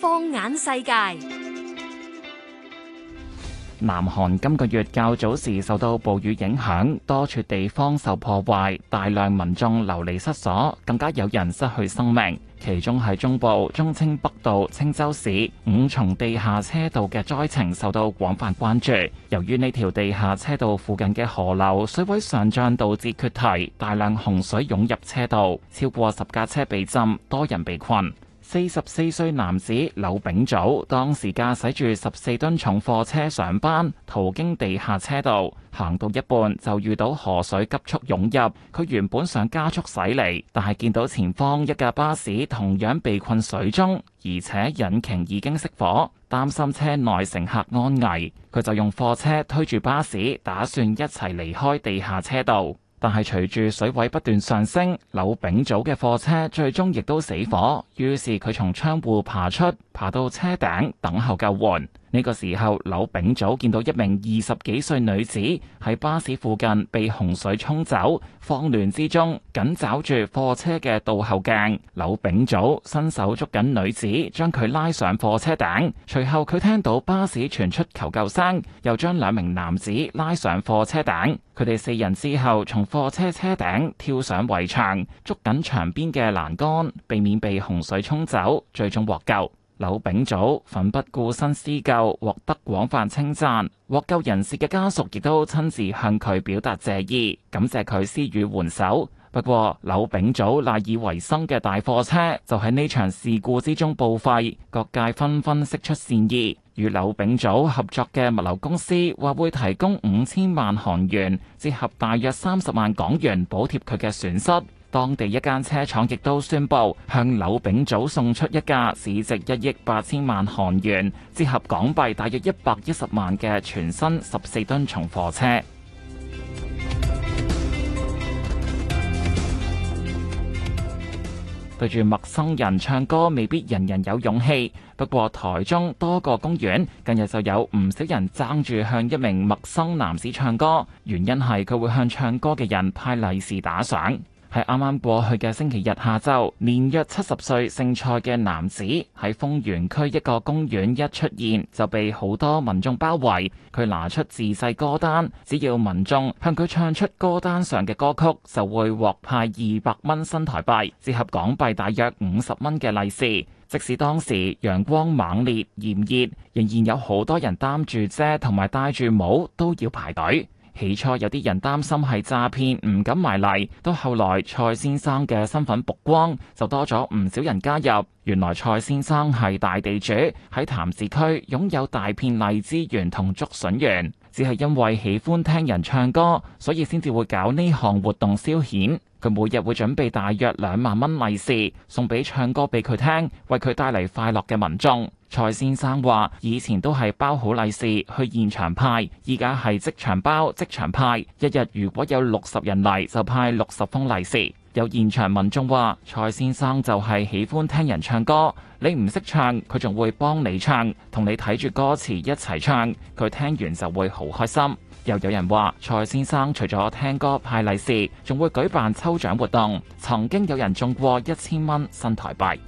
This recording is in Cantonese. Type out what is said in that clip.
放眼世界。南韓今個月較早時受到暴雨影響，多處地方受破壞，大量民眾流離失所，更加有人失去生命。其中喺中部、忠清北道、清州市五重地下車道嘅災情受到廣泛關注。由於呢條地下車道附近嘅河流水位上漲，導致決堤，大量洪水湧入車道，超過十架車被浸，多人被困。四十四歲男子柳炳祖，當時駕駛住十四噸重貨車上班，途經地下車道，行到一半就遇到河水急速湧入。佢原本想加速駛離，但係見到前方一架巴士同樣被困水中，而且引擎已經熄火，擔心車內乘客安危，佢就用貨車推住巴士，打算一齊離開地下車道。但係隨住水位不斷上升，柳炳祖嘅貨車最終亦都死火，於是佢從窗戶爬出，爬到車頂等候救援。呢個時候，柳炳祖見到一名二十幾歲女子喺巴士附近被洪水沖走，慌亂之中緊抓住貨車嘅倒後鏡。柳炳祖伸手捉緊女子，將佢拉上貨車頂。隨後佢聽到巴士傳出求救聲，又將兩名男子拉上貨車頂。佢哋四人之後從貨車車頂跳上圍牆，捉緊牆邊嘅欄杆，避免被洪水沖走，最終獲救。柳炳祖奮不顧身施救，獲得廣泛稱讚。獲救人士嘅家屬亦都親自向佢表達謝意，感謝佢施予援手。不過，柳炳祖賴以為生嘅大貨車就喺呢場事故之中報廢，各界紛紛釋出善意。與柳炳祖合作嘅物流公司話會提供五千萬韓元，折合大約三十萬港元補貼佢嘅損失。當地一間車廠亦都宣布向柳炳祖送出一架市值一億八千萬韓元，折合港幣大約一百一十萬嘅全新十四噸重貨車。對住陌生人唱歌，未必人人有勇氣。不過，台中多個公園近日就有唔少人爭住向一名陌生男子唱歌，原因係佢會向唱歌嘅人派利是打賞。喺啱啱過去嘅星期日下晝，年約七十歲姓蔡嘅男子喺豐原區一個公園一出現，就被好多民眾包圍。佢拿出自製歌單，只要民眾向佢唱出歌單上嘅歌曲，就會獲派二百蚊新台幣，折合港幣大約五十蚊嘅利是。即使當時陽光猛烈炎熱，仍然有好多人擔住遮同埋戴住帽都要排隊。起初有啲人擔心係詐騙，唔敢埋嚟。到後來蔡先生嘅身份曝光，就多咗唔少人加入。原來蔡先生係大地主，喺潭子區擁有大片荔枝園同竹筍園。只係因為喜歡聽人唱歌，所以先至會搞呢項活動消遣。佢每日會準備大約兩萬蚊利是送俾唱歌俾佢聽，為佢帶嚟快樂嘅民眾。蔡先生話：以前都係包好利是去現場派，依家係即場包即場派。一日如果有六十人嚟，就派六十封利是。有現場民眾話：蔡先生就係喜歡聽人唱歌，你唔識唱，佢仲會幫你唱，同你睇住歌詞一齊唱，佢聽完就會好開心。又有人話蔡先生除咗聽歌派利是，仲會舉辦抽獎活動，曾經有人中過一千蚊新台幣。